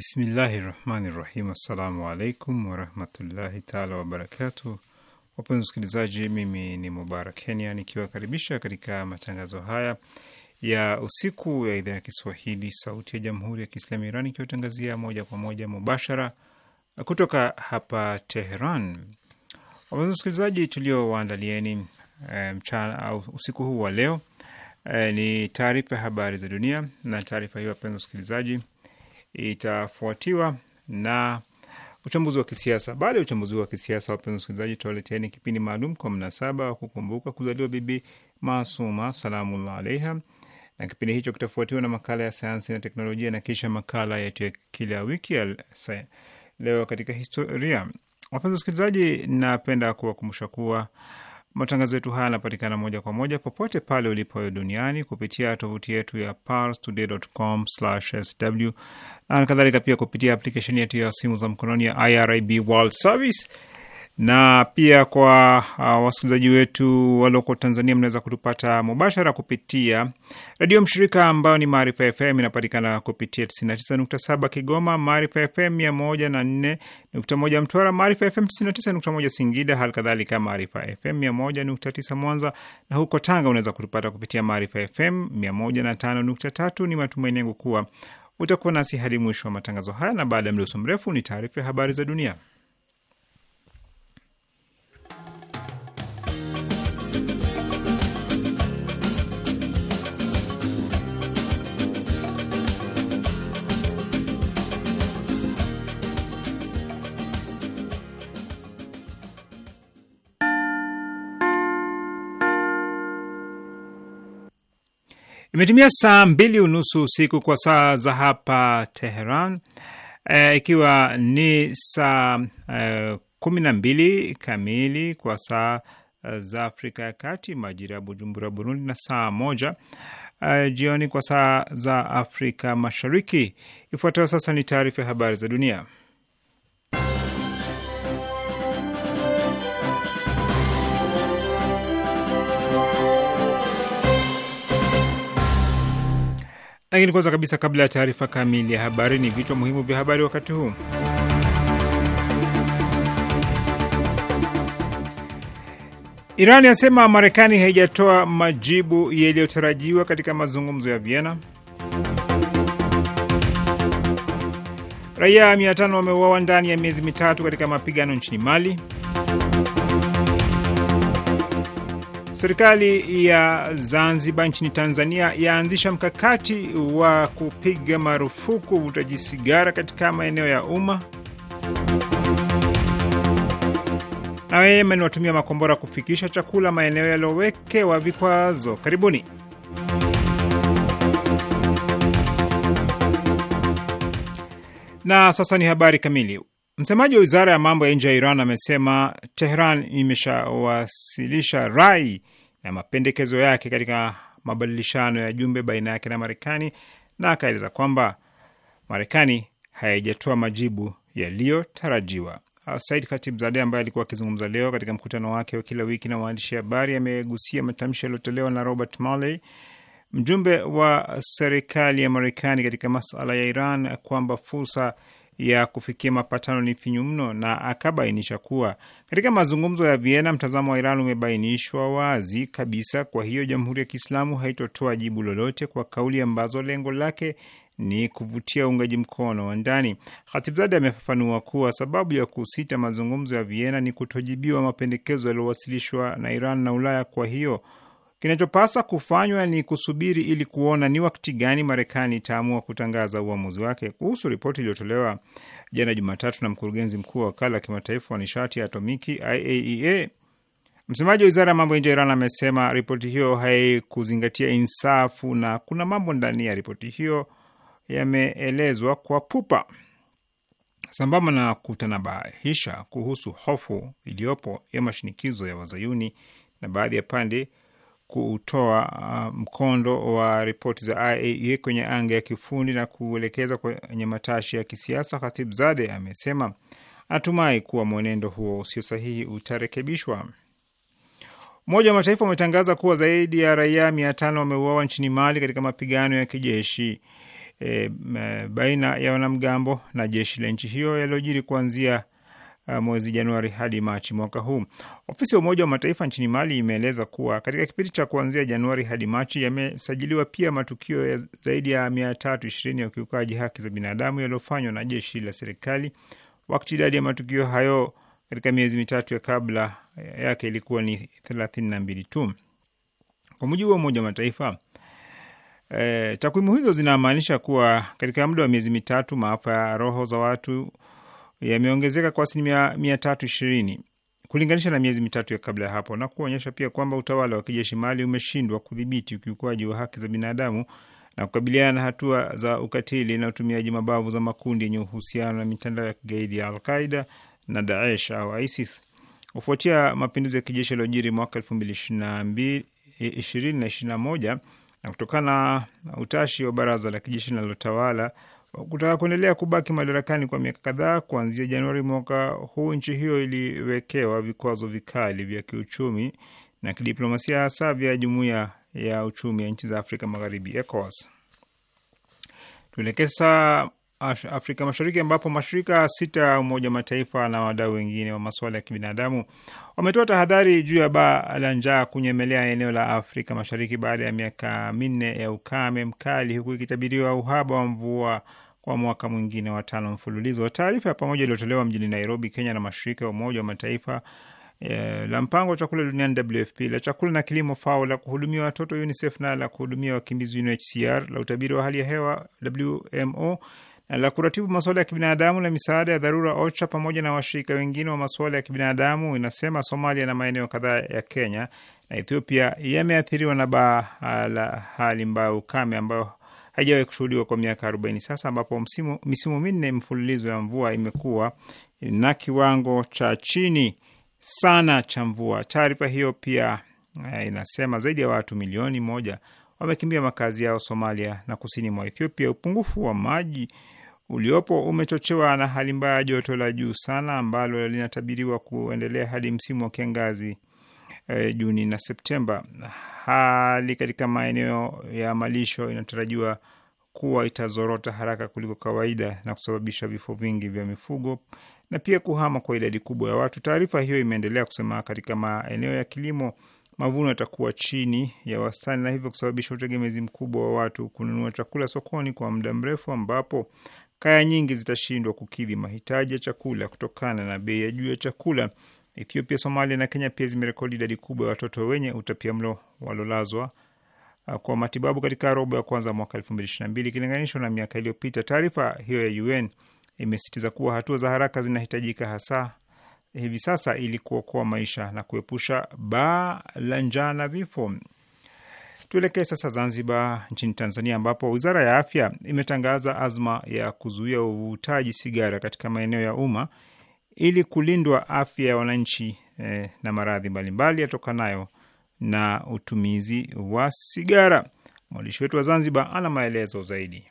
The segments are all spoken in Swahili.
Bismillahi rahmani rahim. Assalamu alaikum warahmatullahi taala wabarakatuh. Wapenzi wasikilizaji, mimi ni Mubarak Kenya nikiwakaribisha katika matangazo haya ya usiku ya idhaa ya Kiswahili sauti ya jamhuri ya Kiislamu Iran ikiwatangazia moja kwa moja mubashara kutoka hapa Teheran. Wapenzi wasikilizaji, tuliowaandalieni eh, mchana um, au usiku huu wa leo uh, ni taarifa ya habari za dunia, na taarifa hiyo wapenzi wasikilizaji itafuatiwa na uchambuzi wa kisiasa. Baada ya uchambuzi wa kisiasa, wapenzi wasikilizaji, tutawaleteni kipindi maalum kwa mnasaba wa kukumbuka kuzaliwa Bibi Masuma Salamullah alaiha, na kipindi hicho kitafuatiwa na makala ya sayansi na teknolojia na kisha makala yetu ya kila wiki ya leo katika historia. Wapenzi wasikilizaji, napenda kuwakumbusha kuwa Matangazo yetu haya yanapatikana moja kwa moja popote pale ulipo duniani kupitia tovuti yetu ya parstoday.com/sw na kadhalika, pia kupitia aplikesheni yetu ya simu za mkononi ya IRIB World Service na pia kwa uh, wasikilizaji wetu walioko Tanzania, mnaweza kutupata mubashara kupitia redio mshirika ambayo ni Maarifa FM, inapatikana kupitia 99.7 Kigoma, Maarifa FM 104.1 Mtwara, Maarifa FM 99.1 Singida, hali kadhalika Maarifa FM 101.9 Mwanza, na huko Tanga unaweza kutupata kupitia Maarifa FM 105.3. Ni matumaini yangu kuwa utakuwa nasi hadi mwisho wa matangazo haya, na baada ya mdoso mrefu ni taarifa ya habari za dunia. Imetimia saa mbili unusu usiku kwa saa za hapa Teheran, e, ikiwa ni saa e, kumi na mbili kamili kwa saa eh, za Afrika ya Kati, majira ya Bujumbura, Burundi, na saa moja e, jioni kwa saa za Afrika Mashariki. Ifuatayo sasa ni taarifa ya habari za dunia. Lakini kwanza kabisa, kabla ya taarifa kamili ya habari, ni vichwa muhimu vya habari wakati huu. Iran yasema Marekani haijatoa majibu yaliyotarajiwa katika mazungumzo ya Vienna. Raia mia wameuawa ndani ya miezi mitatu katika mapigano nchini Mali. Serikali ya Zanzibar nchini Tanzania yaanzisha mkakati wa kupiga marufuku uvutaji sigara katika maeneo ya umma. Na wayemen watumia makombora kufikisha chakula maeneo yaliyowekewa vikwazo. Karibuni. Na sasa ni habari kamili. Msemaji wa wizara ya mambo ya nje ya Iran amesema Tehran imeshawasilisha rai na mapendekezo yake katika mabadilishano ya jumbe baina yake na Marekani, na akaeleza kwamba Marekani haijatoa majibu yaliyotarajiwa. Said zade ambaye alikuwa akizungumza leo katika mkutano wake wa kila wiki na waandishi habari amegusia matamshi yaliyotolewa na Robert Malley, mjumbe wa serikali ya Marekani katika masala ya Iran, kwamba fursa ya kufikia mapatano ni finyu mno, na akabainisha kuwa katika mazungumzo ya Vienna mtazamo wa Iran umebainishwa wazi kabisa. Kwa hiyo Jamhuri ya Kiislamu haitotoa jibu lolote kwa kauli ambazo lengo lake ni kuvutia uungaji mkono wa ndani. hatibzadi amefafanua kuwa sababu ya kusita mazungumzo ya Vienna ni kutojibiwa mapendekezo yaliyowasilishwa na Iran na Ulaya. Kwa hiyo Kinachopasa kufanywa ni kusubiri ili kuona ni wakati gani Marekani itaamua kutangaza uamuzi wake. Kuhusu ripoti iliyotolewa jana Jumatatu na mkurugenzi mkuu wa wakala wa kimataifa wa nishati ya atomiki IAEA, e msemaji wa wizara ya mambo ya nje ya Iran amesema ripoti hiyo haikuzingatia insafu na kuna mambo ndani ya ripoti hiyo yameelezwa kwa pupa, sambamba na kutanabahisha kuhusu hofu iliyopo ya mashinikizo ya wazayuni na baadhi ya pande kutoa uh, mkondo wa ripoti za IAEA e kwenye anga ya kifundi na kuelekeza kwenye matashi ya kisiasa, khatib zade amesema anatumai kuwa mwenendo huo usio sahihi utarekebishwa. Umoja wa Mataifa umetangaza kuwa zaidi ya raia mia tano wameuawa nchini Mali katika mapigano ya kijeshi e, baina ya wanamgambo na jeshi la nchi hiyo yaliyojiri kuanzia Uh, mwezi Januari hadi Machi mwaka huu. Ofisi ya Umoja wa Mataifa nchini Mali imeeleza kuwa katika kipindi cha kuanzia Januari hadi Machi yamesajiliwa pia matukio ya zaidi ya mia tatu ishirini ya ukiukaji haki za binadamu yaliyofanywa na jeshi la serikali, wakati idadi ya matukio hayo katika miezi mitatu ya kabla yake ilikuwa ni thelathini na mbili tu, kwa mujibu wa Umoja wa Mataifa. E, takwimu hizo zinamaanisha kuwa katika muda wa miezi mitatu maafa ya roho za watu yameongezeka kwa asilimia mia tatu ishirini kulinganisha na miezi mitatu ya kabla ya hapo na kuonyesha pia kwamba utawala wa kijeshi Mali umeshindwa kudhibiti ukiukwaji wa haki za binadamu na kukabiliana na hatua za ukatili na utumiaji mabavu za makundi yenye uhusiano na mitandao ya kigaidi ya Alqaida na Daesh au ISIS. Kufuatia mapinduzi ya kijeshi yaliyojiri mwaka elfu mbili ishirini na ishirini na moja na kutokana na utashi wa baraza la kijeshi linalotawala Kutaka kuendelea kubaki madarakani kwa miaka kadhaa, kuanzia Januari mwaka huu nchi hiyo iliwekewa vikwazo vikali vya kiuchumi na kidiplomasia, hasa vya Jumuiya ya Uchumi ya Nchi za Afrika Magharibi, ECOWAS. Tuelekee sasa Afrika Mashariki, ambapo mashirika sita ya Umoja Mataifa na wadau wengine wa masuala ya kibinadamu wametoa tahadhari juu ya baa la njaa kunyemelea eneo la Afrika Mashariki baada ya miaka minne ya ukame mkali, huku ikitabiriwa uhaba wa mvua kwa mwaka mwingine wa tano mfululizo. Taarifa ya pamoja iliyotolewa mjini Nairobi, Kenya, na mashirika ya Umoja wa Mataifa eh, la mpango wa chakula duniani WFP, la chakula na kilimo FAO, la kuhudumia watoto UNICEF na la kuhudumia wakimbizi UNHCR, la utabiri wa hali ya hewa WMO la kuratibu masuala ya kibinadamu na misaada ya dharura OCHA pamoja na washirika wengine wa masuala ya kibinadamu inasema Somalia na maeneo kadhaa ya Kenya na Ethiopia yameathiriwa na baa la hali mbaya ukame ambayo haijawahi kushuhudiwa kwa miaka 40 sasa, ambapo msimu, misimu minne mfululizo ya mvua imekuwa na kiwango cha chini sana cha mvua. Taarifa hiyo pia eh, inasema zaidi ya watu milioni moja wamekimbia makazi yao Somalia na kusini mwa Ethiopia. Upungufu wa maji uliopo umechochewa na hali mbaya ya joto la juu sana ambalo linatabiriwa kuendelea hadi msimu wa kiangazi e, Juni na Septemba. Hali katika maeneo ya malisho inatarajiwa kuwa itazorota haraka kuliko kawaida na kusababisha vifo vingi vya mifugo na pia kuhama kwa idadi kubwa ya watu. Taarifa hiyo imeendelea kusema, katika maeneo ya kilimo mavuno yatakuwa chini ya wastani na hivyo kusababisha utegemezi mkubwa wa watu kununua chakula sokoni kwa muda mrefu, ambapo kaya nyingi zitashindwa kukidhi mahitaji ya chakula kutokana na bei ya juu ya chakula. Ethiopia, Somalia na Kenya pia zimerekodi idadi kubwa ya watoto wenye utapiamlo walolazwa uh, kwa matibabu katika robo ya kwanza mwaka 2022 ikilinganishwa na miaka iliyopita. Taarifa hiyo ya UN imesisitiza kuwa hatua za haraka zinahitajika hasa hivi sasa ili kuokoa maisha na kuepusha baa la njaa na vifo. Tuelekee sasa Zanzibar nchini Tanzania, ambapo wizara ya afya imetangaza azma ya kuzuia uvutaji sigara katika maeneo ya umma ili kulindwa afya ya wananchi eh, na maradhi mbalimbali yatokanayo na utumizi wa sigara. Mwandishi wetu wa Zanzibar ana maelezo zaidi.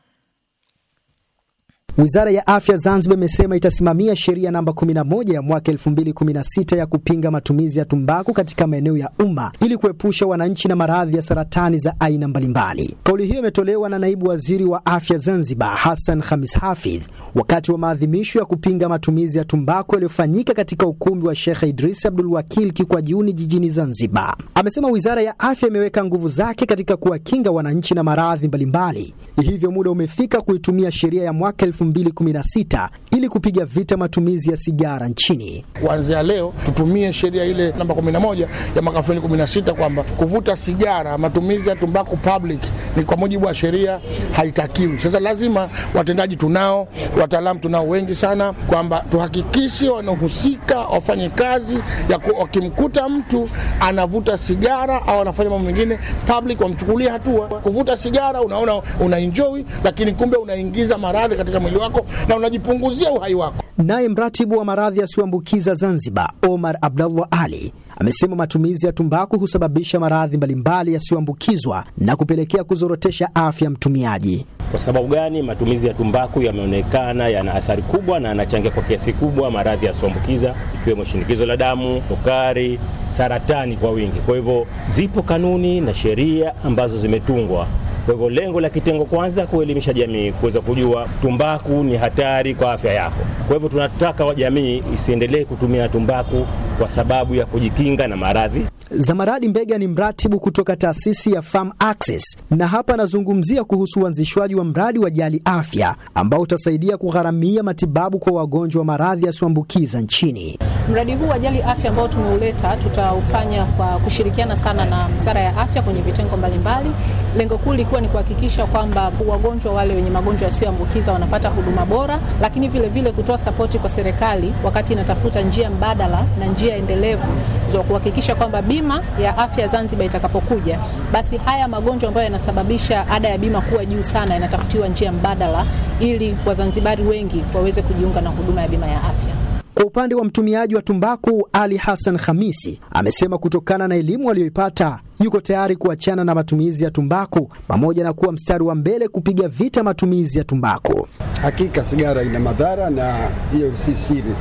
Wizara ya Afya Zanzibar imesema itasimamia sheria namba 11 ya mwaka 2016 ya kupinga matumizi ya tumbaku katika maeneo ya umma ili kuepusha wananchi na maradhi ya saratani za aina mbalimbali. Kauli hiyo imetolewa na naibu waziri wa afya Zanzibar, Hassan Khamis Hafidh, wakati wa maadhimisho ya kupinga matumizi ya tumbaku yaliyofanyika katika ukumbi wa Sheikh Idris Abdul Wakil Kikwajuni jijini Zanzibar. Amesema wizara ya afya imeweka nguvu zake katika kuwakinga wananchi na maradhi mbalimbali, hivyo muda umefika kuitumia sheria ya mwaka 2016 ili kupiga vita matumizi ya sigara nchini. Kuanzia leo tutumie sheria ile namba 11 ya mwaka 2016 kwamba kuvuta sigara, matumizi ya tumbaku public ni kwa mujibu wa sheria haitakiwi. Sasa lazima watendaji tunao, wataalamu tunao wengi sana, kwamba tuhakikishe wanahusika wafanye kazi ya wakimkuta mtu anavuta sigara au anafanya mambo mengine public, wamchukulie hatua. Kuvuta sigara unaona una enjoy, lakini kumbe unaingiza maradhi katika mwili wako na unajipunguzia uhai wako. Naye mratibu wa maradhi yasiyoambukiza Zanzibar, Omar Abdallah Ali, amesema matumizi ya tumbaku husababisha maradhi mbalimbali yasiyoambukizwa na kupelekea kuzorotesha afya ya mtumiaji. Kwa sababu gani? Matumizi ya tumbaku yameonekana yana athari kubwa na yanachangia kwa kiasi kubwa maradhi yasiyoambukiza ikiwemo shinikizo la damu, sukari, saratani kwa wingi. Kwa hivyo zipo kanuni na sheria ambazo zimetungwa kwa hivyo lengo la kitengo kwanza kuelimisha jamii kuweza kujua tumbaku ni hatari kwa afya yako. Kwa hivyo tunataka jamii isiendelee kutumia tumbaku kwa sababu ya kujikinga na maradhi. Zamaradi Mbega ni mratibu kutoka taasisi ya Farm Access, na hapa anazungumzia kuhusu uanzishwaji wa mradi wa Jali Afya ambao utasaidia kugharamia matibabu kwa wagonjwa wa maradhi yasiyoambukiza nchini. Mradi huu wa Jali Afya ambao tumeuleta, tutaufanya kwa kushirikiana sana na Wizara ya Afya kwenye vitengo mbalimbali. Lengo kuu likiwa ni kuhakikisha kwamba wagonjwa wale wenye magonjwa yasiyoambukiza wanapata huduma bora, lakini vilevile kutoa sapoti kwa serikali wakati inatafuta njia mbadala na njia endelevu za kuhakikisha kwamba bima ya afya Zanzibar itakapokuja, basi haya magonjwa ambayo yanasababisha ada ya bima kuwa juu sana, inatafutiwa njia mbadala ili Wazanzibari wengi waweze kujiunga na huduma ya bima ya afya. Kwa upande wa mtumiaji wa tumbaku Ali Hassan Khamisi amesema kutokana na elimu aliyoipata yuko tayari kuachana na matumizi ya tumbaku pamoja na kuwa mstari wa mbele kupiga vita matumizi ya tumbaku. Hakika sigara ina madhara na hiyo si siri,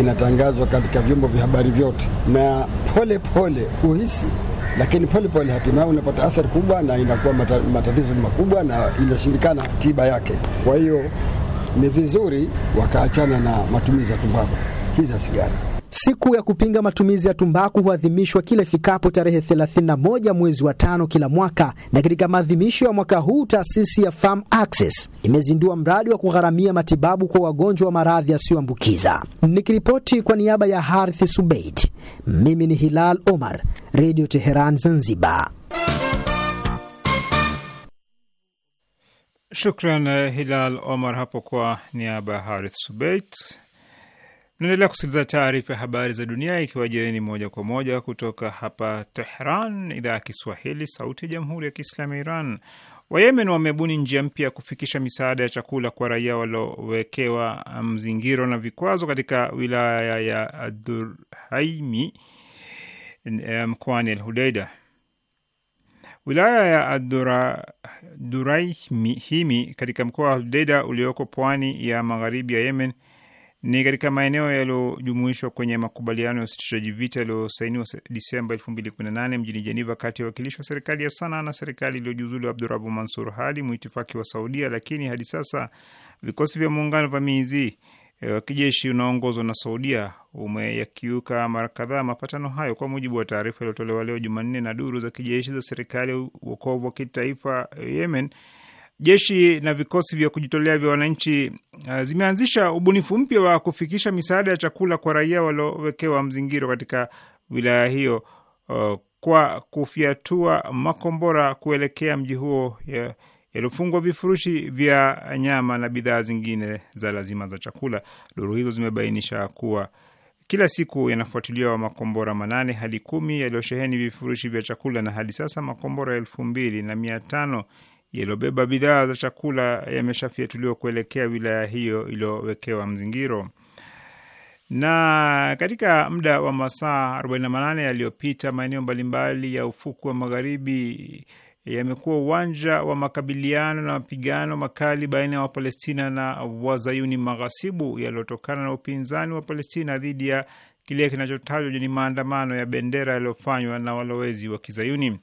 inatangazwa katika vyombo vya habari vyote, na pole pole huhisi lakini pole pole hatimaye unapata athari kubwa na inakuwa mata, matatizo ni makubwa na inashindikana tiba yake. Kwa hiyo ni vizuri wakaachana na matumizi ya tumbaku hizi za sigara. Siku ya kupinga matumizi ya tumbaku huadhimishwa kila ifikapo tarehe 31 mwezi wa tano kila mwaka, na katika maadhimisho ya mwaka huu taasisi ya Farm Access imezindua mradi wa kugharamia matibabu kwa wagonjwa wa maradhi yasiyoambukiza. Nikiripoti kwa niaba ya Harith Subait, mimi ni Hilal Omar, Radio Teheran, Zanzibar. Shukran eh, Hilal Omar hapo kwa niaba ya Harith Subeit naendelea kusikiliza taarifa ya habari za dunia ikiwa jieni moja kwa moja kutoka hapa Tehran, idhaa ya Kiswahili, sauti ya jamhuri ya kiislamu ya Iran. Wayemen wamebuni njia mpya ya kufikisha misaada ya chakula kwa raia waliowekewa mzingiro na vikwazo katika wilaya ya Adurhaimi eh, mkoani um, Wilaya ya Adurahimi katika mkoa wa Hudeida ulioko pwani ya magharibi ya Yemen ni katika maeneo yaliyojumuishwa kwenye makubaliano ya usitishaji vita yaliyosainiwa Disemba 2018 mjini jeniva kati ya wakilishi wa serikali ya Sanaa na serikali iliyojiuzulu Abdurabu Mansur Hadi, mwitifaki wa Saudia. Lakini hadi sasa vikosi vya muungano vamizi eh, wa kijeshi unaoongozwa na Saudia umeyakiuka mara kadhaa mapatano hayo, kwa mujibu wa taarifa iliyotolewa leo Jumanne na duru za kijeshi za serikali ya uokovu wa kitaifa eh, Yemen jeshi na vikosi vya kujitolea vya wananchi uh, zimeanzisha ubunifu mpya wa kufikisha misaada ya chakula kwa raia waliowekewa mzingiro katika wilaya hiyo uh, kwa kufyatua makombora kuelekea mji huo yaliyofungwa vifurushi vya nyama na bidhaa zingine za lazima za chakula. Duru hizo zimebainisha kuwa kila siku yanafuatiliwa makombora manane hadi kumi yaliyosheheni vifurushi vya chakula, na hadi sasa makombora elfu mbili na mia tano yaliyobeba bidhaa za chakula yameshafiatuliwa kuelekea wilaya hiyo iliyowekewa mzingiro. Na katika muda wa masaa 48 yaliyopita, maeneo mbalimbali ya ufuku wa magharibi yamekuwa uwanja wa makabiliano na mapigano makali baina ya Wapalestina na wazayuni maghasibu yaliyotokana na upinzani wa Palestina dhidi ya kile kinachotajwa ni maandamano ya bendera yaliyofanywa na walowezi wa kizayuni.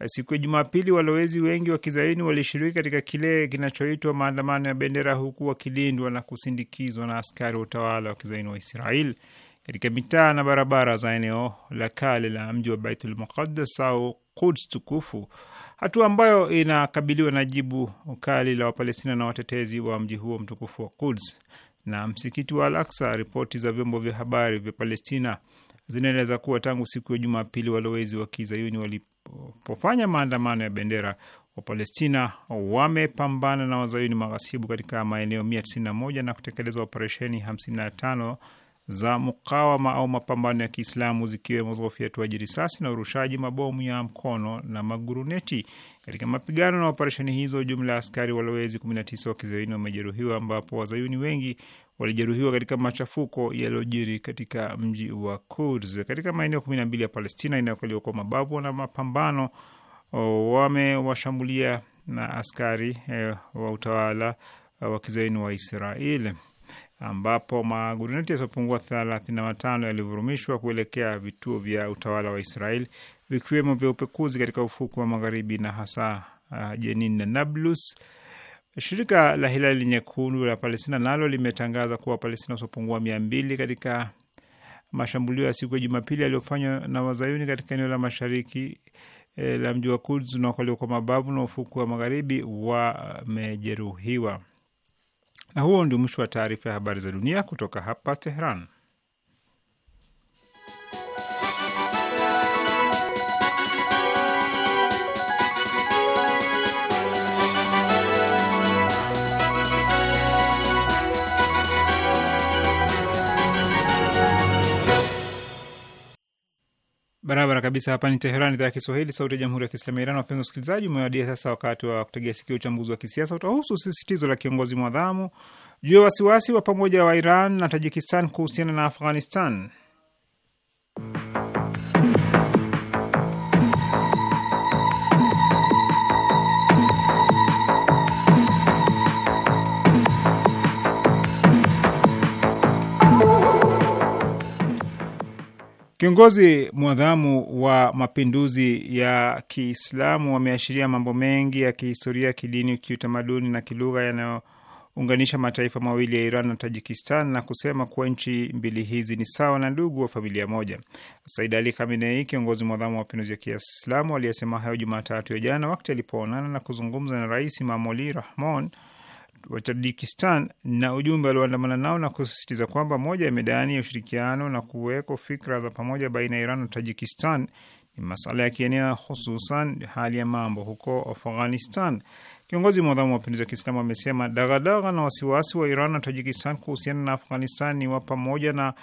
Eh, siku ya Jumapili, walowezi wengi wa kizaini walishiriki katika kile kinachoitwa maandamano ya bendera, huku wakilindwa na kusindikizwa na askari wa utawala wa kizaini wa Israel katika mitaa na barabara za eneo la kale la mji wa Baitul Muqaddas au Quds tukufu, hatua ambayo inakabiliwa na jibu kali la Wapalestina na watetezi wa mji huo mtukufu wa Quds na msikiti wa Al-Aqsa. Ripoti za vyombo vya habari vya Palestina zinaeleza kuwa tangu siku ya Jumapili walowezi wa kizayuni walipofanya maandamano ya bendera Wapalestina wamepambana na wazayuni maghasibu katika maeneo 191 na kutekeleza operesheni 55 za mukawama au mapambano ya Kiislamu zikiwemo za ufyatuaji risasi na urushaji mabomu ya mkono na maguruneti. Katika mapigano na operesheni hizo, jumla ya askari walowezi 19 wa kizayuni wamejeruhiwa, ambapo wazayuni wengi walijeruhiwa katika machafuko yaliyojiri katika mji wa Kurs katika maeneo kumi na mbili ya Palestina inayokaliwa kwa mabavu. Na mapambano wamewashambulia na askari e, wa utawala e, wa kizaini wa israel ambapo maguruneti yasiopungua thelathini na matano yalivurumishwa kuelekea vituo vya utawala wa israel vikiwemo vya upekuzi katika ufuku wa magharibi na hasa uh, Jenin na Nablus Shirika la Hilali Nyekundu la Palestina nalo limetangaza kuwa Wapalestina wasiopungua mia mbili katika mashambulio ya siku ya Jumapili yaliyofanywa na wazayuni katika eneo la mashariki e, la mji wa Kuds unaokaliwa kwa mabavu na ufuku wa magharibi wamejeruhiwa. Na huo ndio mwisho wa taarifa ya habari za dunia kutoka hapa Tehran. kabisa hapa ni Teheran, idhaa ya Kiswahili, sauti ya jamhuri ya kiislamu ya Iran. Wapenzi wasikilizaji, umewadia sasa wakati wa kutegea sikio. Uchambuzi wa kisiasa utahusu sisitizo la kiongozi mwadhamu juu ya wasiwasi wa pamoja wa Iran na Tajikistan kuhusiana na Afghanistan. Kiongozi mwadhamu wa mapinduzi ya Kiislamu wameashiria mambo mengi ya kihistoria, kidini, kiutamaduni na kilugha yanayounganisha mataifa mawili ya Iran na Tajikistan na kusema kuwa nchi mbili hizi ni sawa na ndugu wa familia moja. Said Ali Khamenei, kiongozi mwadhamu wa mapinduzi ya Kiislamu, aliyesema hayo Jumatatu ya jana wakati alipoonana na kuzungumza na Rais Mamoli Rahmon wa Tajikistan na ujumbe walioandamana nao na kusisitiza kwamba moja ya medani ya ushirikiano na kuweko fikra za pamoja baina ya Iran na Tajikistan ni masala ya kieneo, hususan hali ya mambo huko Afghanistan. Kiongozi mwadhamu wa mapinduzi ya Kiislamu amesema dagadaga na wasiwasi wa Iran na Tajikistan kuhusiana na Afghanistan ni wa pamoja na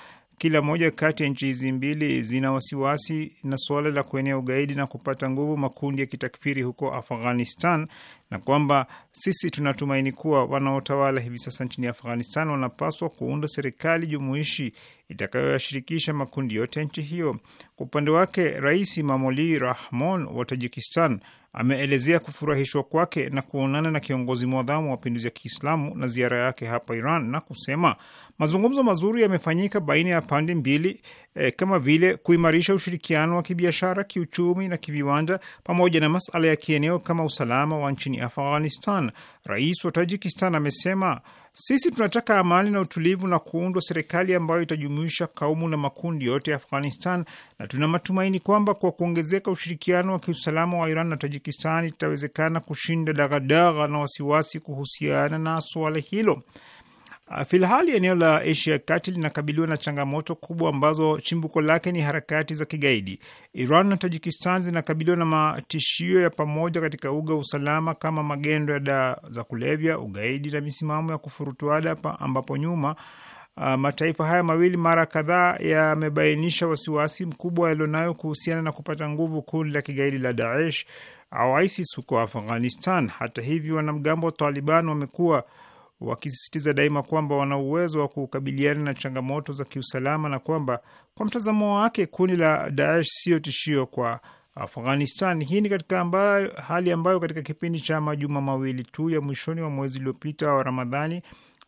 kila moja kati ya nchi hizi mbili zina wasiwasi na suala la kuenea ugaidi na kupata nguvu makundi ya kitakfiri huko Afghanistan, na kwamba sisi tunatumaini kuwa wanaotawala hivi sasa nchini Afghanistan wanapaswa kuunda serikali jumuishi itakayoyashirikisha makundi yote ya nchi hiyo. Kwa upande wake, Rais Mamoli Rahmon wa Tajikistan ameelezea kufurahishwa kwake na kuonana na kiongozi mwadhamu wa mapinduzi ya Kiislamu na ziara yake hapa Iran na kusema mazungumzo mazuri yamefanyika baina ya pande mbili e, kama vile kuimarisha ushirikiano wa kibiashara, kiuchumi na kiviwanda pamoja na masala ya kieneo kama usalama wa nchini Afghanistan. Rais wa Tajikistan amesema sisi tunataka amani na utulivu na kuundwa serikali ambayo itajumuisha kaumu na makundi yote ya Afghanistan, na tuna matumaini kwamba kwa kuongezeka ushirikiano wa kiusalama wa Iran na Tajikistan itawezekana kushinda dagadaga na wasiwasi kuhusiana na suala hilo. Uh, Filhali eneo la Asia kati linakabiliwa na changamoto kubwa ambazo chimbuko lake ni harakati za kigaidi. Iran na Tajikistan zinakabiliwa na matishio ya pamoja katika uga usalama kama magendo ya dawa za kulevya, ugaidi na misimamo ya kufurutuada, ambapo nyuma Uh, mataifa haya mawili mara kadhaa yamebainisha wasiwasi mkubwa yalionayo kuhusiana na kupata nguvu kundi la kigaidi la Daesh au ISIS huko Afghanistan. Hata hivyo, wanamgambo wa Taliban wamekuwa wakisisitiza daima kwamba wana uwezo wa kukabiliana na changamoto za kiusalama na kwamba kwa mtazamo wake kundi la Daesh siyo tishio kwa Afghanistan. Hii ni katika ambayo, hali ambayo katika kipindi cha majuma mawili tu ya mwishoni wa mwezi uliopita wa Ramadhani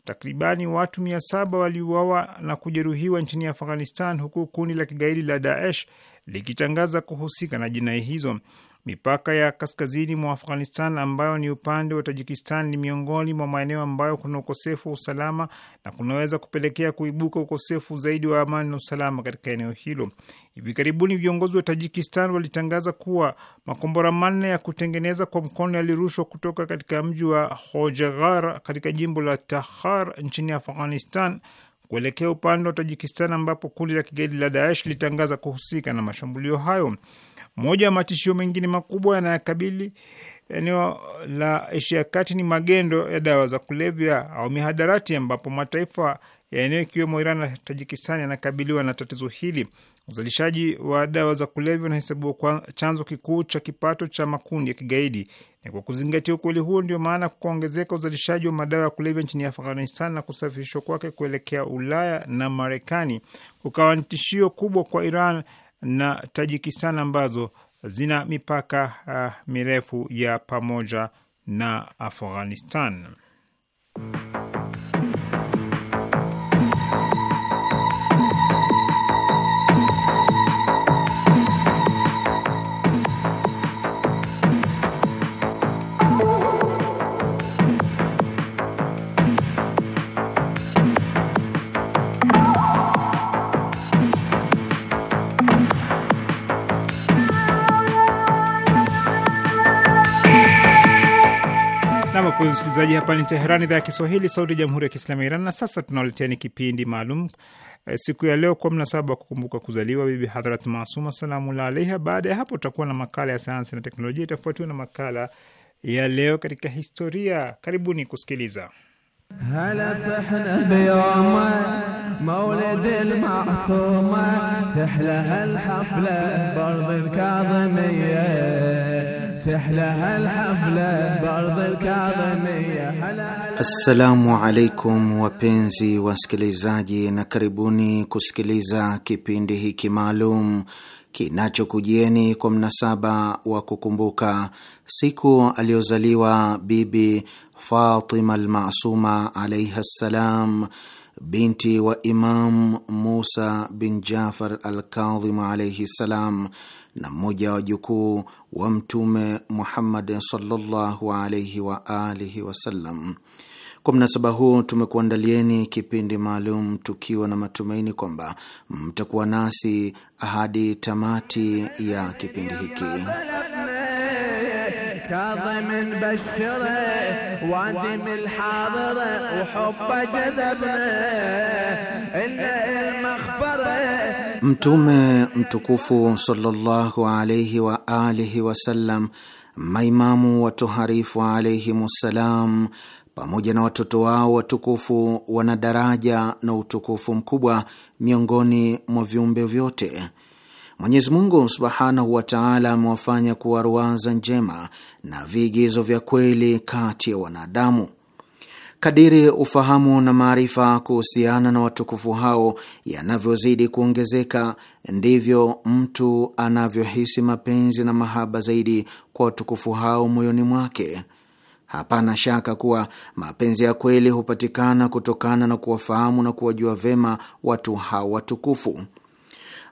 takribani watu mia saba waliuawa na kujeruhiwa nchini Afghanistan, huku kundi la kigaidi la Daesh likitangaza kuhusika na jinai hizo. Mipaka ya kaskazini mwa Afghanistan ambayo ni upande wa Tajikistan ni miongoni mwa maeneo ambayo kuna ukosefu wa usalama na kunaweza kupelekea kuibuka ukosefu zaidi wa amani na usalama katika eneo hilo. Hivi karibuni viongozi wa Tajikistan walitangaza kuwa makombora manne ya kutengeneza kwa mkono yalirushwa kutoka katika mji wa Hojaghar katika jimbo la tahar nchini Afghanistan kuelekea upande wa Tajikistan ambapo kundi la kigaidi la Daesh lilitangaza kuhusika na mashambulio hayo. Moja ya matishio mengine makubwa yanayokabili eneo la Asia ya kati ni magendo ya dawa za kulevya au mihadarati, ambapo mataifa ya eneo ikiwemo Iran na Tajikistan yanakabiliwa na tatizo hili. Uzalishaji wa dawa za kulevya unahesabiwa kwa chanzo kikuu cha kipato cha makundi ya kigaidi. Ni kwa kuzingatia ukweli huo ndio maana kuongezeka uzalishaji wa madawa ya kulevya nchini Afghanistan na kusafirishwa kwake kuelekea Ulaya na Marekani kukawa ni tishio kubwa kwa Iran na Tajikistan ambazo zina mipaka uh, mirefu ya pamoja na Afghanistan. wapenzi wasikilizaji, hapa ni Teheran, idhaa ya Kiswahili, sauti ya jamhuri ya kiislamu ya Iran. Na sasa ni kipindi maalum eh, siku ya leo kwa mnasaba wa kukumbuka kuzaliwa Bibi Hadhrat Masuma salamullah alaiha. Baada ya hapo, tutakuwa na makala ya sayansi na teknolojia, itafuatiwa na makala ya leo katika historia. Karibuni kusikiliza. Assalamu alaikum wapenzi wasikilizaji, na karibuni kusikiliza kipindi hiki maalum kinachokujieni kwa mnasaba wa kukumbuka siku aliyozaliwa Bibi Fatima Almasuma alaiha ssalam, binti wa Imam Musa bin Jafar Alkadhimu alaihi ssalam na mmoja wa jukuu wa Mtume Muhammad sallallahu alaihi wa alihi wasallam. Kwa mnasaba huu tumekuandalieni kipindi maalum tukiwa na matumaini kwamba mtakuwa nasi hadi tamati ya kipindi hiki. Mtume mtukufu sallallahu alaihi wa alihi wasallam, maimamu watoharifu alaihimussalam, pamoja na watoto wao watukufu wana daraja na utukufu mkubwa miongoni mwa viumbe vyote. Mwenyezi Mungu subhanahu wa taala amewafanya kuwa ruwaza njema na viigizo vya kweli kati ya wanadamu. Kadiri ufahamu na maarifa kuhusiana na watukufu hao yanavyozidi kuongezeka, ndivyo mtu anavyohisi mapenzi na mahaba zaidi kwa watukufu hao moyoni mwake. Hapana shaka kuwa mapenzi ya kweli hupatikana kutokana na kuwafahamu na kuwajua vema watu hao watukufu.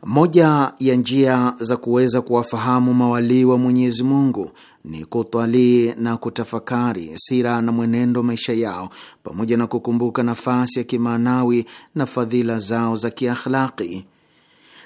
Moja ya njia za kuweza kuwafahamu mawalii wa Mwenyezi Mungu ni kutwalii na kutafakari sira na mwenendo maisha yao pamoja na kukumbuka nafasi ya kimaanawi na fadhila zao za kiakhlaki.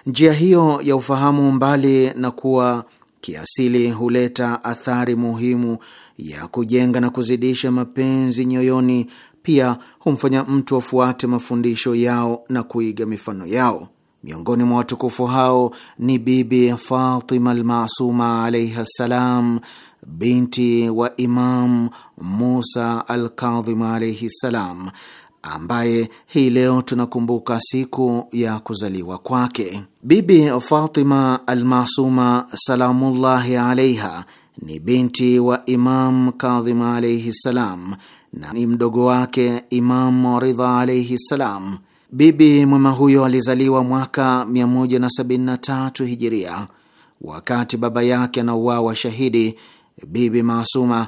Njia hiyo ya ufahamu, mbali na kuwa kiasili, huleta athari muhimu ya kujenga na kuzidisha mapenzi nyoyoni, pia humfanya mtu afuate mafundisho yao na kuiga mifano yao. Miongoni mwa watukufu hao ni Bibi Fatima Almasuma alaihi ssalam, binti wa Imam Musa Alkadhim alaihi ssalam, ambaye hii leo tunakumbuka siku ya kuzaliwa kwake. Bibi Fatima Almasuma salamullahi alaiha ni binti wa Imam Kadhim alaihi ssalam na ni mdogo wake Imam Ridha alaihi ssalam. Bibi mwema huyo alizaliwa mwaka 173 hijiria. Wakati baba yake anauawa shahidi, Bibi Maasuma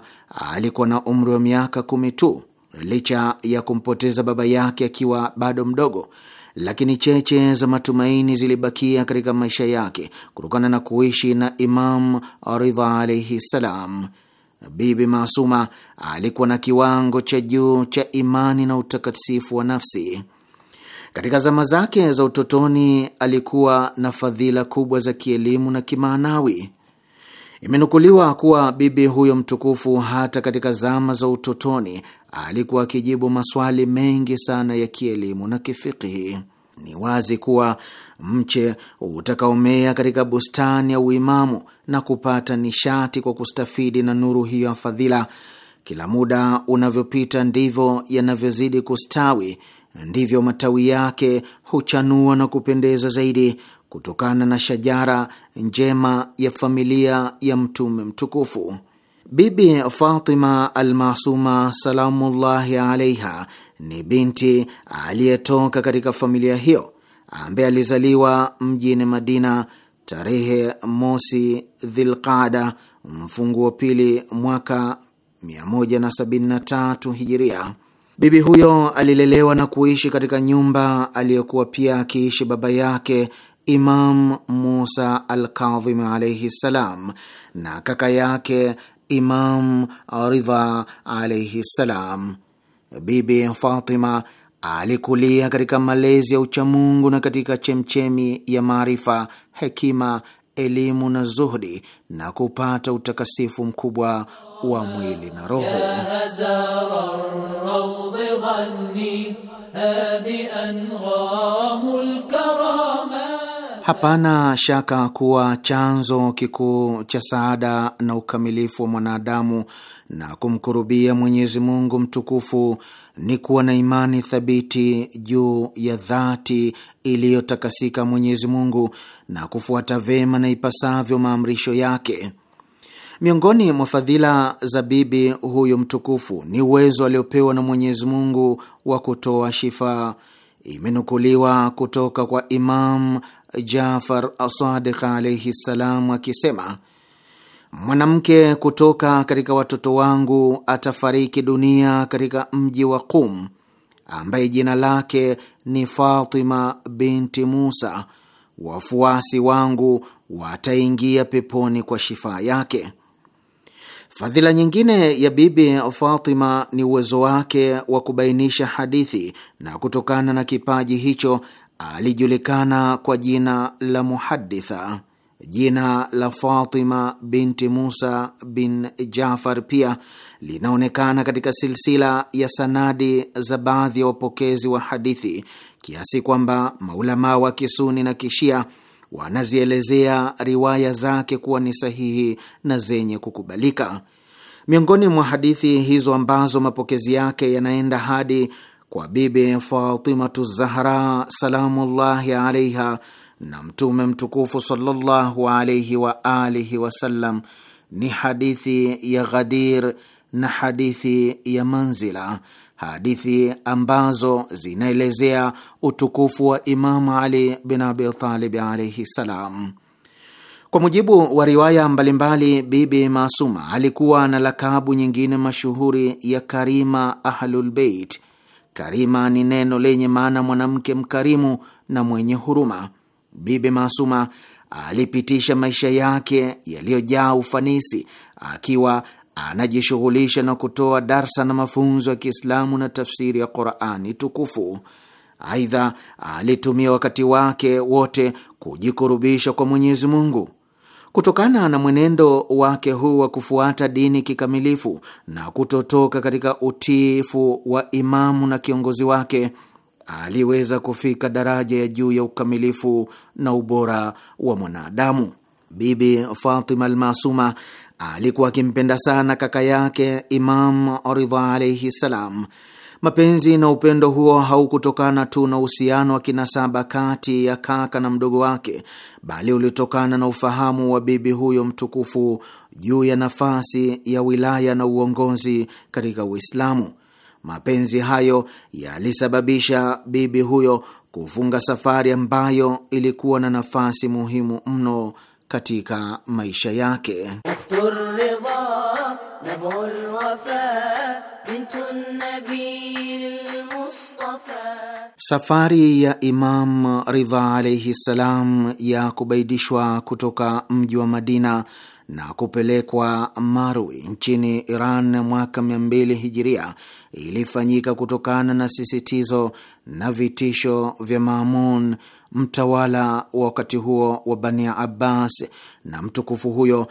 alikuwa na umri wa miaka kumi tu. Licha ya kumpoteza baba yake akiwa bado mdogo, lakini cheche za matumaini zilibakia katika maisha yake kutokana na kuishi na Imam Ridha alaihi ssalam. Bibi Maasuma alikuwa na kiwango cha juu cha imani na utakatifu wa nafsi. Katika zama zake za utotoni alikuwa na fadhila kubwa za kielimu na kimaanawi. Imenukuliwa kuwa bibi huyo mtukufu hata katika zama za utotoni alikuwa akijibu maswali mengi sana ya kielimu na kifikihi. Ni wazi kuwa mche utakaomea katika bustani ya uimamu na kupata nishati kwa kustafidi na nuru hiyo ya fadhila, kila muda unavyopita ndivyo yanavyozidi kustawi ndivyo matawi yake huchanua na kupendeza zaidi kutokana na shajara njema ya familia ya Mtume mtukufu. Bibi Fatima Almasuma salamullahi alaiha ni binti aliyetoka katika familia hiyo ambaye alizaliwa mjini Madina tarehe mosi Dhilqada mfunguo pili mwaka 173 hijiria. Bibi huyo alilelewa na kuishi katika nyumba aliyokuwa pia akiishi baba yake Imam Musa Alkadhim alaihi ssalam na kaka yake Imam Ridha alaihi ssalam. Bibi Fatima alikulia katika malezi ya uchamungu na katika chemchemi ya maarifa, hekima, elimu na zuhdi na kupata utakasifu mkubwa wa mwili na roho. Hapana shaka kuwa chanzo kikuu cha saada na ukamilifu wa mwanadamu na kumkurubia Mwenyezi Mungu mtukufu ni kuwa na imani thabiti juu ya dhati iliyotakasika Mwenyezi Mungu na kufuata vema na ipasavyo maamrisho yake. Miongoni mwa fadhila za bibi huyu mtukufu ni uwezo aliopewa na Mwenyezi Mungu wa kutoa shifaa. Imenukuliwa kutoka kwa Imam Jafar Sadiq alaihi ssalam akisema, mwanamke kutoka katika watoto wangu atafariki dunia katika mji wa Qum, ambaye jina lake ni Fatima binti Musa. Wafuasi wangu wataingia peponi kwa shifaa yake. Fadhila nyingine ya Bibi Fatima ni uwezo wake wa kubainisha hadithi, na kutokana na kipaji hicho alijulikana kwa jina la muhaditha. Jina la Fatima binti Musa bin Jafar pia linaonekana katika silsila ya sanadi za baadhi ya wapokezi wa hadithi, kiasi kwamba maulamaa wa Kisuni na Kishia wanazielezea riwaya zake kuwa ni sahihi na zenye kukubalika. Miongoni mwa hadithi hizo ambazo mapokezi yake yanaenda hadi kwa Bibi Fatimatu Zahra salamullahi alaiha na Mtume mtukufu sallallahu alaihi wa alihi wasallam ni hadithi ya Ghadir na hadithi ya Manzila hadithi ambazo zinaelezea utukufu wa Imamu Ali bin Abi Talib alaihi ssalam. Kwa mujibu wa riwaya mbalimbali, Bibi Masuma alikuwa na lakabu nyingine mashuhuri ya Karima Ahlulbeit. Karima ni neno lenye maana mwanamke mkarimu na mwenye huruma. Bibi Masuma alipitisha maisha yake yaliyojaa ufanisi akiwa anajishughulisha na kutoa darsa na mafunzo ya Kiislamu na tafsiri ya Qurani Tukufu. Aidha, alitumia wakati wake wote kujikurubisha kwa Mwenyezi Mungu. Kutokana na mwenendo wake huu wa kufuata dini kikamilifu na kutotoka katika utiifu wa imamu na kiongozi wake, aliweza kufika daraja ya juu ya ukamilifu na ubora wa mwanadamu. Bibi Fatima Almasuma alikuwa akimpenda sana kaka yake Imam Ridha alaihi ssalam. Mapenzi na upendo huo haukutokana tu na uhusiano wa kinasaba kati ya kaka na mdogo wake, bali ulitokana na ufahamu wa bibi huyo mtukufu juu ya nafasi ya wilaya na uongozi katika Uislamu. Mapenzi hayo yalisababisha bibi huyo kufunga safari ambayo ilikuwa na nafasi muhimu mno katika maisha yake. Safari ya Imam Ridha alaihi ssalam ya kubaidishwa kutoka mji wa Madina na kupelekwa Marwi nchini Iran mwaka mia hijiria ilifanyika kutokana na sisitizo na vitisho vya Maamun mtawala wa wakati huo wa Bani Abbas, na mtukufu huyo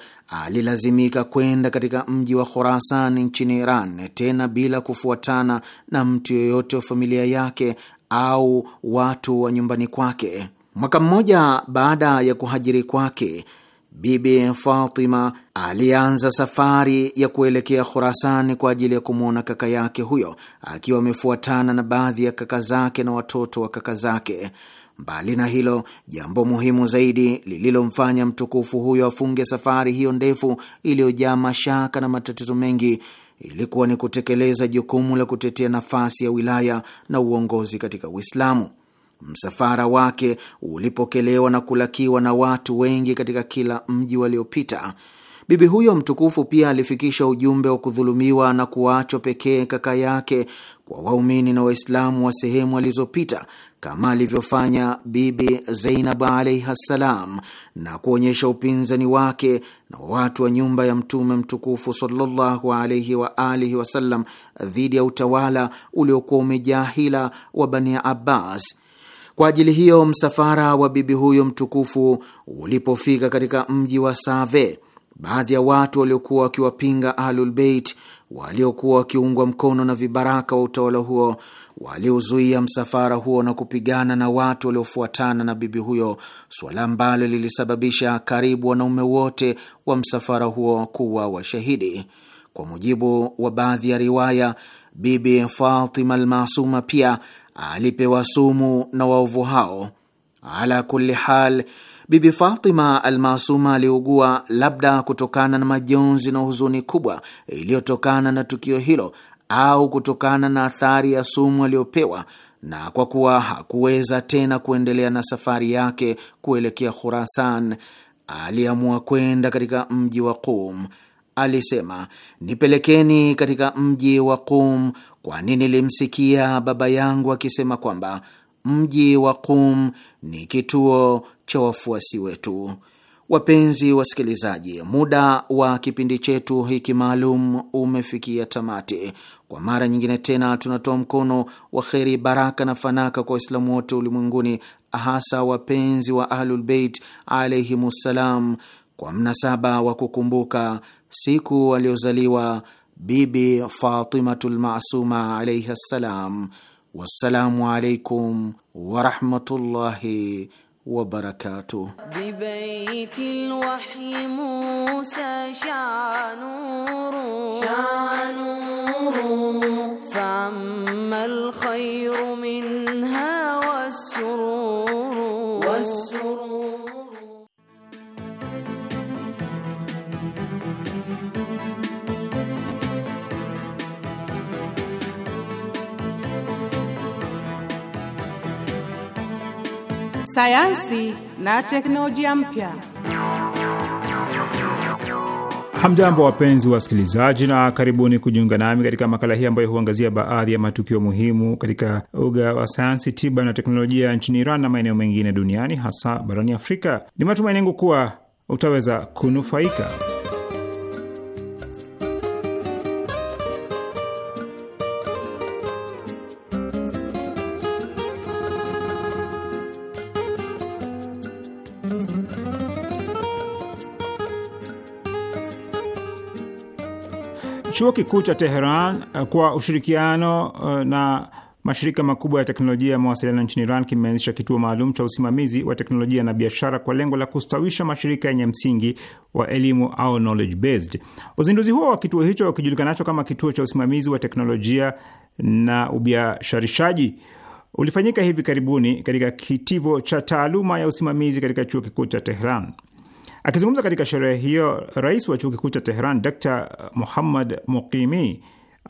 alilazimika kwenda katika mji wa Khurasan nchini Iran, tena bila kufuatana na mtu yoyote wa familia yake au watu wa nyumbani kwake. Mwaka mmoja baada ya kuhajiri kwake, Bibi Fatima alianza safari ya kuelekea Khurasani kwa ajili ya kumwona kaka yake huyo, akiwa amefuatana na baadhi ya kaka zake na watoto wa kaka zake. Mbali na hilo, jambo muhimu zaidi lililomfanya mtukufu huyo afunge safari hiyo ndefu iliyojaa mashaka na matatizo mengi ilikuwa ni kutekeleza jukumu la kutetea nafasi ya wilaya na uongozi katika Uislamu. Msafara wake ulipokelewa na kulakiwa na watu wengi katika kila mji waliopita. Bibi huyo mtukufu pia alifikisha ujumbe wa kudhulumiwa na kuachwa pekee kaka yake kwa waumini na Waislamu wa sehemu alizopita kama alivyofanya Bibi Zainab alaihi ssalam, na kuonyesha upinzani wake na watu wa nyumba ya Mtume mtukufu sallallahu alaihi wa alihi wasallam dhidi ya utawala uliokuwa umejahila wa Bani Abbas. Kwa ajili hiyo, msafara wa bibi huyo mtukufu ulipofika katika mji wa Save, baadhi ya watu waliokuwa wakiwapinga Ahlulbeit waliokuwa wakiungwa mkono na vibaraka wa utawala huo waliuzuia msafara huo na kupigana na watu waliofuatana na bibi huyo, suala ambalo lilisababisha karibu wanaume wote wa msafara huo kuwa washahidi. Kwa mujibu wa baadhi ya riwaya, Bibi Fatima Almasuma pia alipewa sumu na waovu hao. Ala kulli hal Bibi Fatima Almasuma aliugua, labda kutokana na majonzi na huzuni kubwa iliyotokana na tukio hilo au kutokana na athari ya sumu aliyopewa, na kwa kuwa hakuweza tena kuendelea na safari yake kuelekea Khurasan, aliamua kwenda katika mji wa Qum. Alisema, nipelekeni katika mji wa Qum, kwani nilimsikia baba yangu akisema kwamba mji wa Qum ni kituo cha wafuasi wetu. Wapenzi wasikilizaji, muda wa kipindi chetu hiki maalum umefikia tamati. Kwa mara nyingine tena, tunatoa mkono wa kheri, baraka na fanaka kwa Waislamu wote ulimwenguni, hasa wapenzi wa Ahlulbeit alaihimussalam, kwa mnasaba wa kukumbuka siku aliozaliwa Bibi Fatimatu lmasuma alaihi ssalam. Wassalamu alaikum warahmatullahi وبركاته ببيت الوحي موسى شع نور شع نور فأما الخير من sayansi na teknolojia mpya. Hamjambo, wapenzi wasikilizaji, na karibuni kujiunga nami katika makala hii ambayo huangazia baadhi ya matukio muhimu katika uga wa sayansi, tiba na teknolojia nchini Iran na maeneo mengine duniani, hasa barani Afrika. Ni matumaini yangu kuwa utaweza kunufaika. Chuo kikuu cha Teheran eh, kwa ushirikiano eh, na mashirika makubwa ya teknolojia ya mawasiliano nchini Iran kimeanzisha kituo maalum cha usimamizi wa teknolojia na biashara kwa lengo la kustawisha mashirika yenye msingi wa elimu au knowledge based. Uzinduzi huo wa kituo hicho ukijulikanacho kama kituo cha usimamizi wa teknolojia na ubiasharishaji ulifanyika hivi karibuni katika kitivo cha taaluma ya usimamizi katika chuo kikuu cha Tehran. Akizungumza katika sherehe hiyo, rais wa chuo kikuu cha Teheran Dr Muhammad Muqimi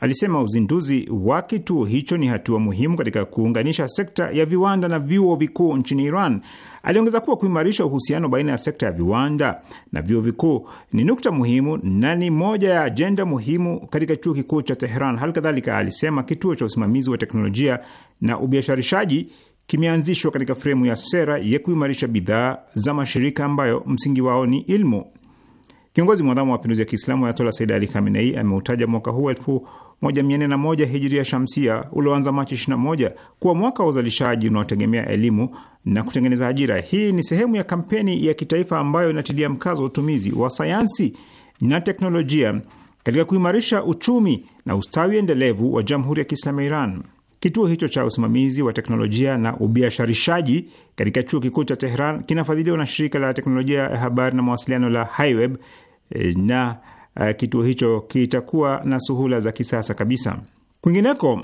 alisema uzinduzi wa kituo hicho ni hatua muhimu katika kuunganisha sekta ya viwanda na vyuo vikuu nchini Iran. Aliongeza kuwa kuimarisha uhusiano baina ya sekta ya viwanda na vyuo vikuu ni nukta muhimu na ni moja ya ajenda muhimu katika chuo kikuu cha Teheran. Hali kadhalika, alisema kituo cha usimamizi wa teknolojia na ubiasharishaji kimeanzishwa katika fremu ya sera ya kuimarisha bidhaa za mashirika ambayo msingi wao ni ilmu. Kiongozi mwadhamu wa mapinduzi ya Kiislamu Ayatola Said Ali Khamenei ameutaja mwaka huu elfu moja mia nne na moja hijiria shamsia ulioanza Machi 21 kuwa mwaka wa uzalishaji unaotegemea elimu na kutengeneza ajira. Hii ni sehemu ya kampeni ya kitaifa ambayo inatilia mkazo wa utumizi wa sayansi na teknolojia katika kuimarisha uchumi na ustawi endelevu wa Jamhuri ya Kiislamu ya Iran. Kituo hicho cha usimamizi wa teknolojia na ubiasharishaji katika chuo kikuu cha Tehran kinafadhiliwa na shirika la teknolojia ya habari na mawasiliano la Hiweb eh, na eh, kituo hicho kitakuwa na suhula za kisasa kabisa. Kwingineko,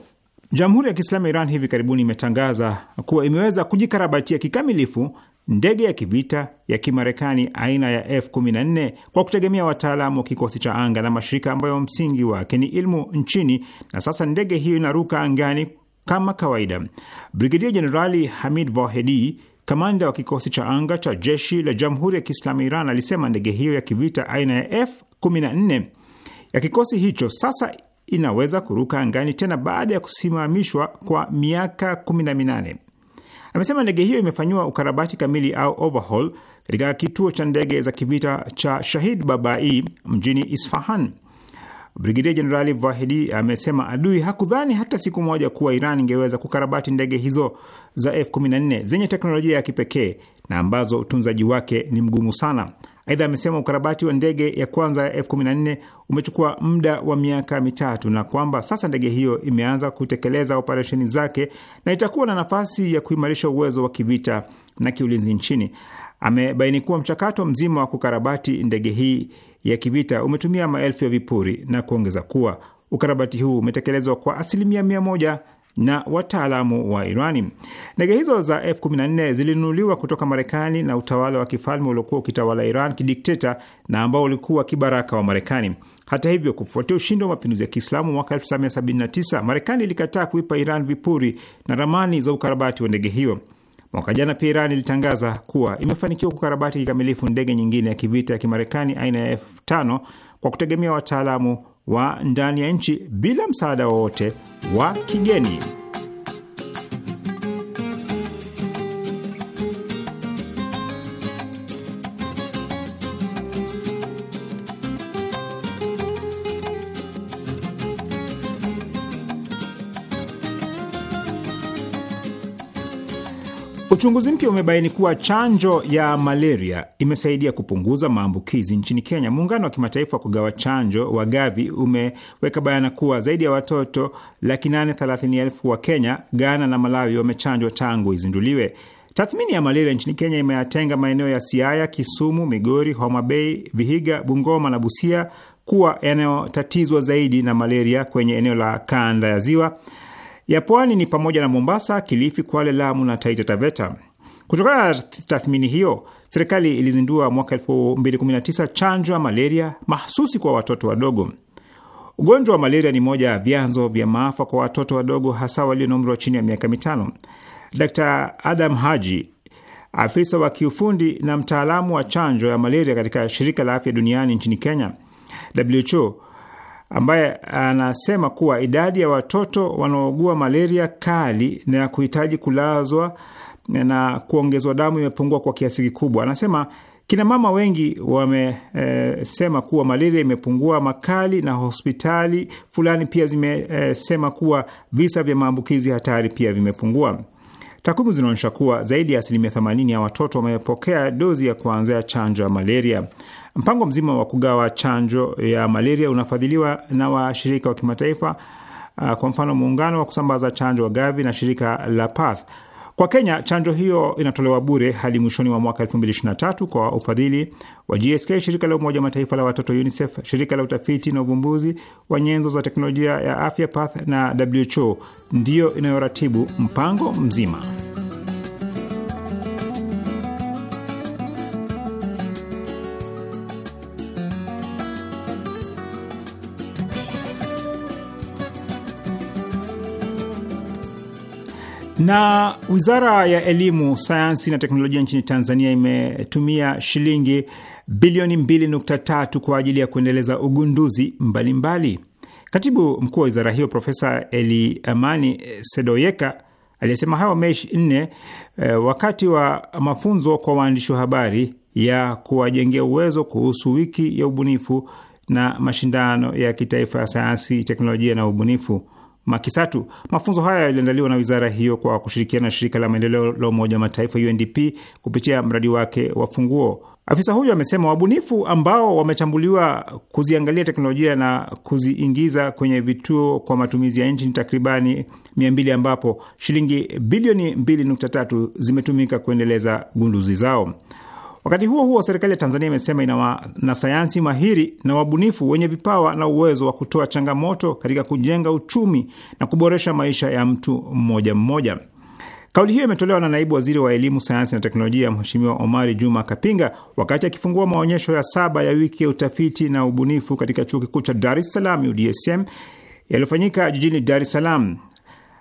Jamhuri ya Kiislamu ya Iran hivi karibuni imetangaza kuwa imeweza kujikarabatia kikamilifu ndege ya kivita ya Kimarekani aina ya F14 kwa kutegemea wataalamu wa kikosi cha anga na mashirika ambayo msingi wake ni ilmu nchini, na sasa ndege hiyo inaruka angani kama kawaida, Brigedia Jenerali Hamid Vahedi, kamanda wa kikosi cha anga cha jeshi la Jamhuri ya Kiislamu Iran, alisema ndege hiyo ya kivita aina ya F-14 ya kikosi hicho sasa inaweza kuruka angani tena baada ya kusimamishwa kwa miaka 18. Amesema ndege hiyo imefanyiwa ukarabati kamili au overhaul katika kituo cha ndege za kivita cha Shahid Babai mjini Isfahan. Brigedia Jenerali Vahidi amesema adui hakudhani hata siku moja kuwa Iran ingeweza kukarabati ndege hizo za F-14 zenye teknolojia ya kipekee na ambazo utunzaji wake ni mgumu sana. Aidha, amesema ukarabati wa ndege ya kwanza ya F-14 umechukua muda wa miaka mitatu na kwamba sasa ndege hiyo imeanza kutekeleza operesheni zake na itakuwa na nafasi ya kuimarisha uwezo wa kivita na kiulinzi nchini. Amebaini kuwa mchakato mzima wa kukarabati ndege hii ya kivita umetumia maelfu ya vipuri na kuongeza kuwa ukarabati huu umetekelezwa kwa asilimia mia moja na wataalamu wa Irani. Ndege hizo za F-14 zilinunuliwa kutoka Marekani na utawala wa kifalme uliokuwa ukitawala Iran kidikteta na ambao ulikuwa kibaraka wa Marekani. Hata hivyo, kufuatia ushindi wa mapinduzi ya Kiislamu mwaka 1979, Marekani ilikataa kuipa Iran vipuri na ramani za ukarabati wa ndege hiyo. Mwaka jana pia Iran ilitangaza kuwa imefanikiwa kukarabati kikamilifu ndege nyingine ya kivita ya Kimarekani aina ya F5 kwa kutegemea wataalamu wa ndani ya nchi bila msaada wowote wa kigeni. Uchunguzi mpya umebaini kuwa chanjo ya malaria imesaidia kupunguza maambukizi nchini Kenya. Muungano wa kimataifa wa kugawa chanjo wa Gavi umeweka bayana kuwa zaidi ya watoto laki nane thelathini elfu wa Kenya, Ghana na Malawi wamechanjwa tangu izinduliwe. Tathmini ya malaria nchini Kenya imeyatenga maeneo ya Siaya, Kisumu, Migori, Homa Bay, Vihiga, Bungoma na Busia kuwa yanayotatizwa zaidi na malaria kwenye eneo la kanda ya Ziwa ya pwani ni pamoja na Mombasa, Kilifi, Kwale, Lamu na Taita Taveta. Kutokana na tathmini hiyo, serikali ilizindua mwaka 2019 chanjo ya malaria mahsusi kwa watoto wadogo. Ugonjwa wa malaria ni moja ya vyanzo vya maafa kwa watoto wadogo, hasa walio na umri wa chini ya miaka mitano. Dkt Adam Haji, afisa wa kiufundi na mtaalamu wa chanjo ya malaria katika shirika la afya duniani nchini Kenya, WHO, ambaye anasema kuwa idadi ya watoto wanaougua malaria kali na ya kuhitaji kulazwa na kuongezwa damu imepungua kwa kiasi kikubwa. Anasema kina mama wengi wamesema e, kuwa malaria imepungua makali, na hospitali fulani pia zimesema e, kuwa visa vya maambukizi hatari pia vimepungua. Takwimu zinaonyesha kuwa zaidi ya asilimia 80 ya watoto wamepokea dozi ya kwanza ya chanjo ya malaria. Mpango mzima wa kugawa chanjo ya malaria unafadhiliwa na washirika wa kimataifa, uh, kwa mfano muungano wa kusambaza chanjo wa Gavi na shirika la Path. Kwa Kenya, chanjo hiyo inatolewa bure hadi mwishoni mwa mwaka 2023 kwa ufadhili wa GSK, shirika la Umoja wa Mataifa la watoto UNICEF, shirika la utafiti na uvumbuzi wa nyenzo za teknolojia ya afya Path na WHO ndiyo inayoratibu mpango mzima. Na wizara ya elimu, sayansi na teknolojia nchini Tanzania imetumia shilingi bilioni 2.3 kwa ajili ya kuendeleza ugunduzi mbalimbali mbali. Katibu mkuu wa wizara hiyo Profesa Eli Amani Sedoyeka aliyesema hayo Mei 4 eh, wakati wa mafunzo kwa waandishi wa habari ya kuwajengea uwezo kuhusu wiki ya ubunifu na mashindano ya kitaifa ya sayansi, teknolojia na ubunifu. Makisatu. Mafunzo haya yaliandaliwa na wizara hiyo kwa kushirikiana na shirika la maendeleo la Umoja wa Mataifa UNDP kupitia mradi wake wa Funguo. Afisa huyo amesema wabunifu ambao wamechambuliwa kuziangalia teknolojia na kuziingiza kwenye vituo kwa matumizi ya nchi ni takribani mia mbili ambapo shilingi bilioni 2.3 zimetumika kuendeleza gunduzi zao. Wakati huo huo, serikali ya Tanzania imesema ina wanasayansi mahiri na wabunifu wenye vipawa na uwezo wa kutoa changamoto katika kujenga uchumi na kuboresha maisha ya mtu mmoja mmoja. Kauli hiyo imetolewa na naibu waziri wa elimu, sayansi na teknolojia, Mheshimiwa Omari Juma Kapinga wakati akifungua maonyesho ya saba ya wiki ya utafiti na ubunifu katika chuo kikuu cha Dar es Salaam UDSM yaliyofanyika jijini Dar es Salaam.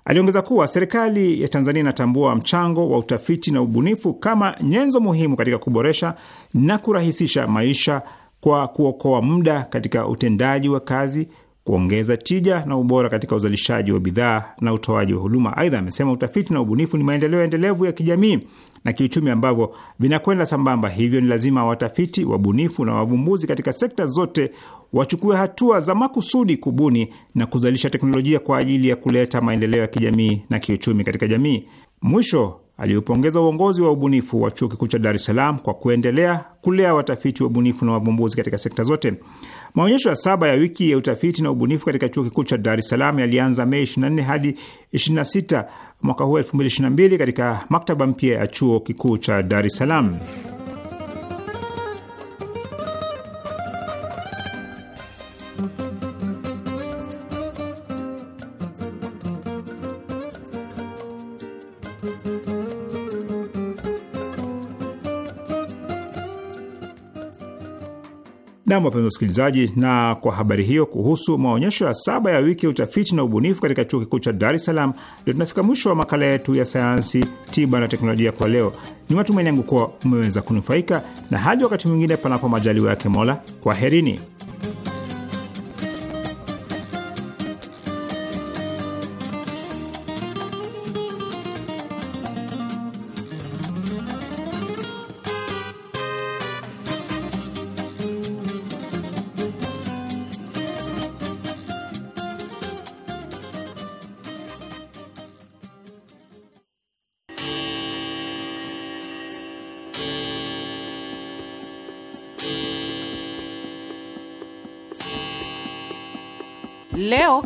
Aliongeza kuwa serikali ya Tanzania inatambua mchango wa utafiti na ubunifu kama nyenzo muhimu katika kuboresha na kurahisisha maisha kwa kuokoa muda katika utendaji wa kazi, kuongeza tija na ubora katika uzalishaji wa bidhaa na utoaji wa huduma. Aidha, amesema utafiti na ubunifu ni maendeleo endelevu ya kijamii na kiuchumi ambavyo vinakwenda sambamba. Hivyo ni lazima watafiti, wabunifu na wavumbuzi katika sekta zote wachukue hatua za makusudi kubuni na kuzalisha teknolojia kwa ajili ya kuleta maendeleo ya kijamii na kiuchumi katika jamii. Mwisho aliupongeza uongozi wa ubunifu wa chuo kikuu cha Dar es Salaam kwa kuendelea kulea watafiti, wabunifu na wavumbuzi katika sekta zote. Maonyesho ya saba ya wiki ya utafiti na ubunifu katika chuo kikuu cha Dar es Salaam yalianza Mei 24 hadi 26 mwaka huu 2022 katika maktaba mpya ya chuo kikuu cha Dar es Salaam. Nam, wapenzi wasikilizaji, na kwa habari hiyo kuhusu maonyesho ya saba ya wiki ya utafiti na ubunifu katika chuo kikuu cha Dar es Salaam, ndio tunafika mwisho wa makala yetu ya sayansi, tiba na teknolojia kwa leo. Ni matumaini yangu kuwa umeweza kunufaika, na hadi wakati mwingine, panapo majaliwa yake Mola, kwaherini.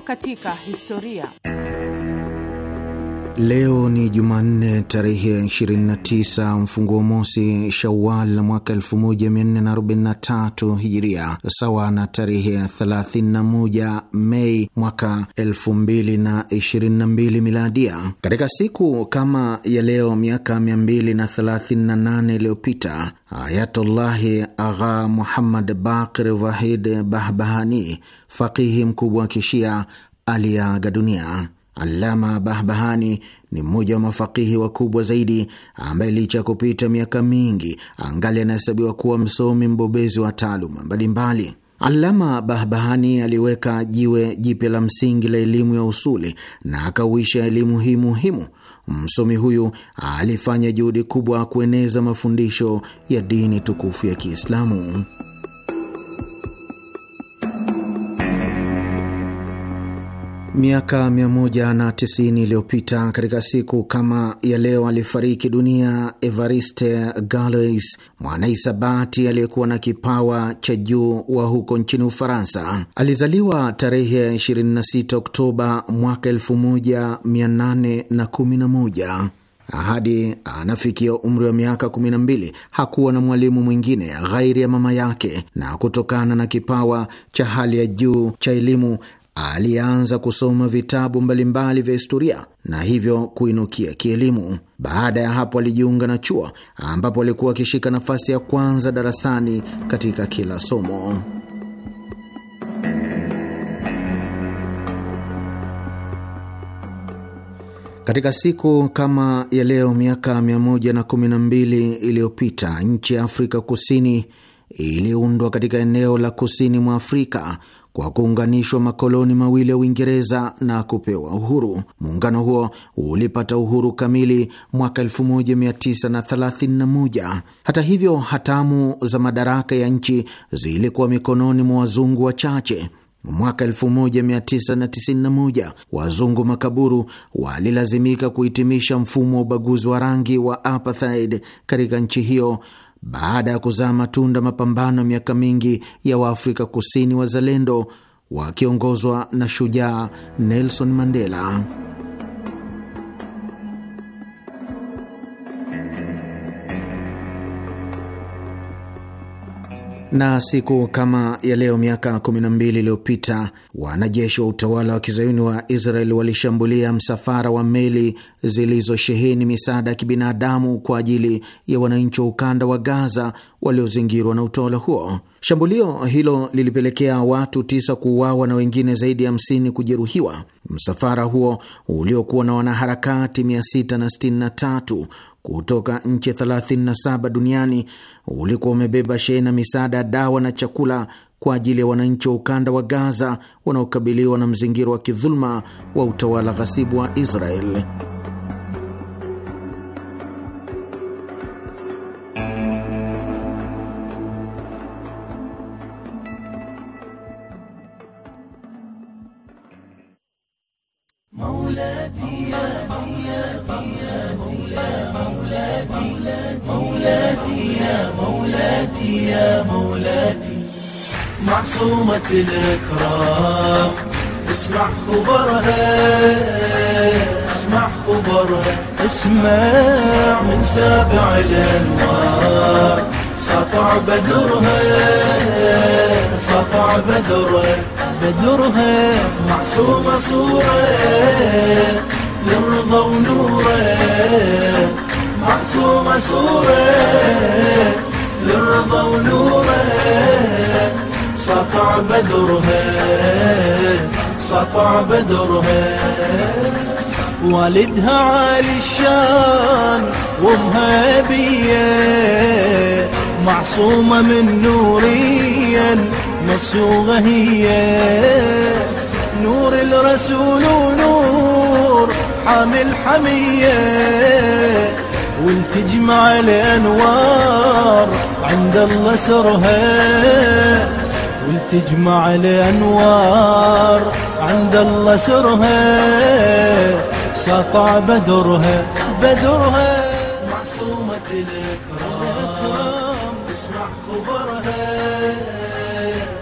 katika historia. Leo ni Jumanne tarehe 29 mfunguo mosi Shawal mwaka 1443 Hijiria, sawa na tarehe 31 Mei mwaka 2022 Miladia. Katika siku kama ya leo miaka 238 iliyopita Ayatullahi Agha Muhammad Baqir Wahid Bahbahani, fakihi mkubwa wa Kishia, aliaga dunia alama Bahbahani ni mmoja wa mafakihi wakubwa zaidi ambaye licha ya kupita miaka mingi angali anahesabiwa kuwa msomi mbobezi wa taaluma mbalimbali. alama Bahbahani aliweka jiwe jipya la msingi la elimu ya usuli na akauisha elimu hii muhimu. Msomi huyu alifanya juhudi kubwa kueneza mafundisho ya dini tukufu ya Kiislamu. Miaka 190 iliyopita katika siku kama ya leo alifariki dunia Evariste Galois, mwanahisabati aliyekuwa na kipawa cha juu wa huko nchini Ufaransa. Alizaliwa tarehe 26 Oktoba mwaka 1811. Hadi anafikia umri wa miaka 12 hakuwa na mwalimu mwingine ghairi ya mama yake, na kutokana na kipawa cha hali ya juu cha elimu alianza kusoma vitabu mbalimbali vya historia na hivyo kuinukia kielimu. Baada ya hapo, alijiunga na chuo ambapo alikuwa akishika nafasi ya kwanza darasani katika kila somo. Katika siku kama ya leo miaka 112 iliyopita nchi ya Afrika Kusini iliundwa katika eneo la kusini mwa Afrika kwa kuunganishwa makoloni mawili ya Uingereza na kupewa uhuru. Muungano huo ulipata uhuru kamili mwaka 1931. Hata hivyo, hatamu za madaraka ya nchi zilikuwa mikononi mwa wazungu wachache. Mwaka 1991 wazungu makaburu walilazimika kuhitimisha mfumo wa ubaguzi wa rangi wa apartheid katika nchi hiyo baada ya kuzaa matunda mapambano ya miaka mingi ya Waafrika Kusini wazalendo wakiongozwa na shujaa Nelson Mandela. Na siku kama ya leo miaka 12 iliyopita wanajeshi wa utawala wa kizayuni wa Israel walishambulia msafara wa meli zilizosheheni misaada ya kibinadamu kwa ajili ya wananchi wa ukanda wa Gaza waliozingirwa na utawala huo. Shambulio hilo lilipelekea watu tisa kuuawa na wengine zaidi ya hamsini kujeruhiwa. Msafara huo uliokuwa na wanaharakati 663 kutoka nchi 37 duniani ulikuwa umebeba shehena misaada ya dawa na chakula kwa ajili ya wananchi wa ukanda wa Gaza wanaokabiliwa na mzingiro wa kidhuluma wa utawala ghasibu wa Israeli. معصومة الإكرام اسمع خبرها اسمع خبرها اسمع من سابع الأنوار سطع بدرها سطع بدرها بدرها معصومة صورة للرضا ونوره معصومة صورة للرضا ونوره سطع بدرها سطع بدرها والدها عالي الشان وامها بيه معصومة من نوريا مصيوغة هي نور الرسول ونور حامل حمية والتجمع الأنوار عند الله سرها ولتجمع الانوار عند الله سرها سطع بدرها بدرها معصومة الاكرام اسمع خبرها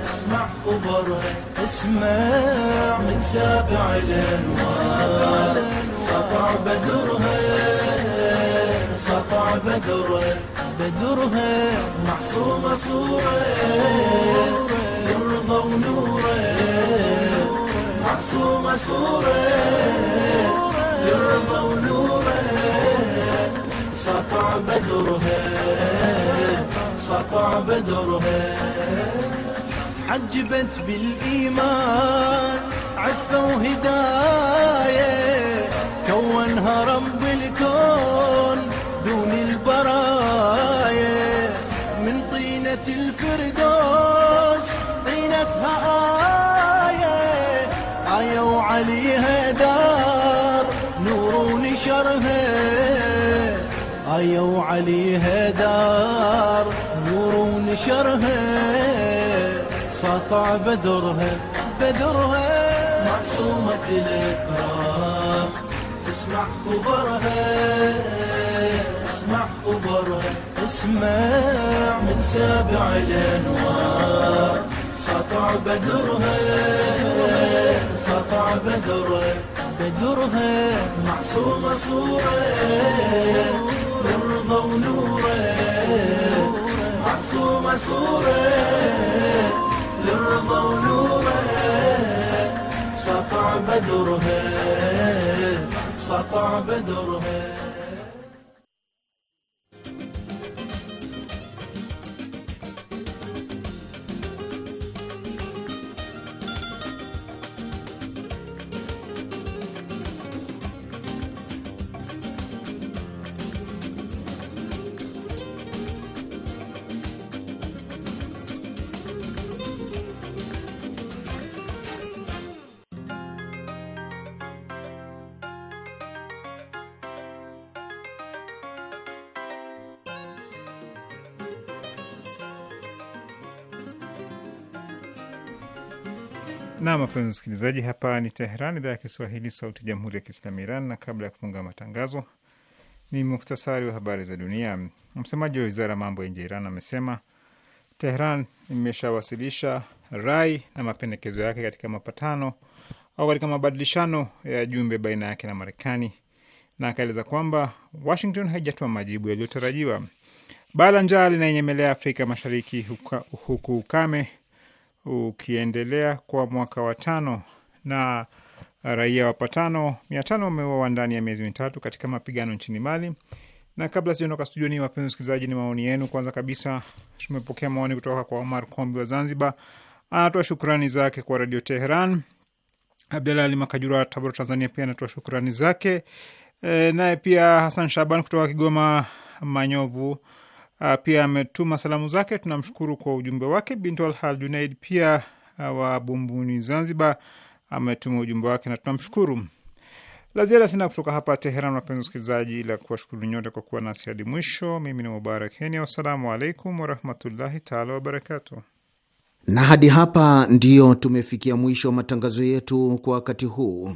اسمع خبرها اسمع من سابع الانوار سطع بدرها سطع بدرها بدرها معصومة صورة رضا ونوره معصومة صورة للرضا ونوره سطع بدرها سطع بدرها عجبت بالإيمان عفة وهداية كونها رب الكون دون البرايا من طينة الفردون بصورتها آية آية وعليها دار نور ونشرها آية وعليها دار نور ونشرها سطع بدرها بدرها معصومة الإكرام اسمع خبرها اسمع خبرها اسمع من سابع الأنوار سطع بدرها سطع بدرها بدرها معصومة صورة برضا ونورة معصومة صورة للرضا ونورة سطع بدرها سطع بدرها Nam, wapenzi msikilizaji, hapa ni Teheran, idhaa ya Kiswahili, sauti ya jamhuri ya kiislamu Iran. Na kabla ya kufunga matangazo, ni muktasari wa habari za dunia. Msemaji wa wizara ya mambo ya nje ya Iran amesema Teheran imeshawasilisha rai na mapendekezo yake katika mapatano au katika mabadilishano ya jumbe baina yake na Marekani, na akaeleza kwamba Washington haijatoa majibu yaliyotarajiwa. Baa la njaa linaenyemelea Afrika Mashariki huku ukame ukiendelea kwa mwaka wa tano na raia wapatano mia tano wameuawa ndani ya miezi mitatu katika mapigano nchini Mali. Na kabla sijaondoka studioni, wapenzi wasikilizaji, ni maoni yenu. Kwanza kabisa tumepokea maoni kutoka kwa Omar Kombi wa Zanzibar, anatoa shukrani zake kwa Radio Teheran. Abdallah Ali Makajura wa Tabora, Tanzania, pia anatoa shukrani zake. E, naye pia Hasan Shaban kutoka Kigoma Manyovu Ah, pia ametuma salamu zake. Tunamshukuru kwa ujumbe wake. Bintu Alhal Junaid pia ah, wa Bumbuni, Zanzibar, ametuma ujumbe wake na tunamshukuru. La ziada sina kutoka hapa Teheran, wapenzi wasikilizaji, ila kuwashukuru nyote kwa kuwa nasi hadi mwisho. Mimi ni Mubarak Kenya, wassalamu alaikum warahmatullahi taala wabarakatu Na hadi hapa ndiyo tumefikia mwisho wa matangazo yetu kwa wakati huu.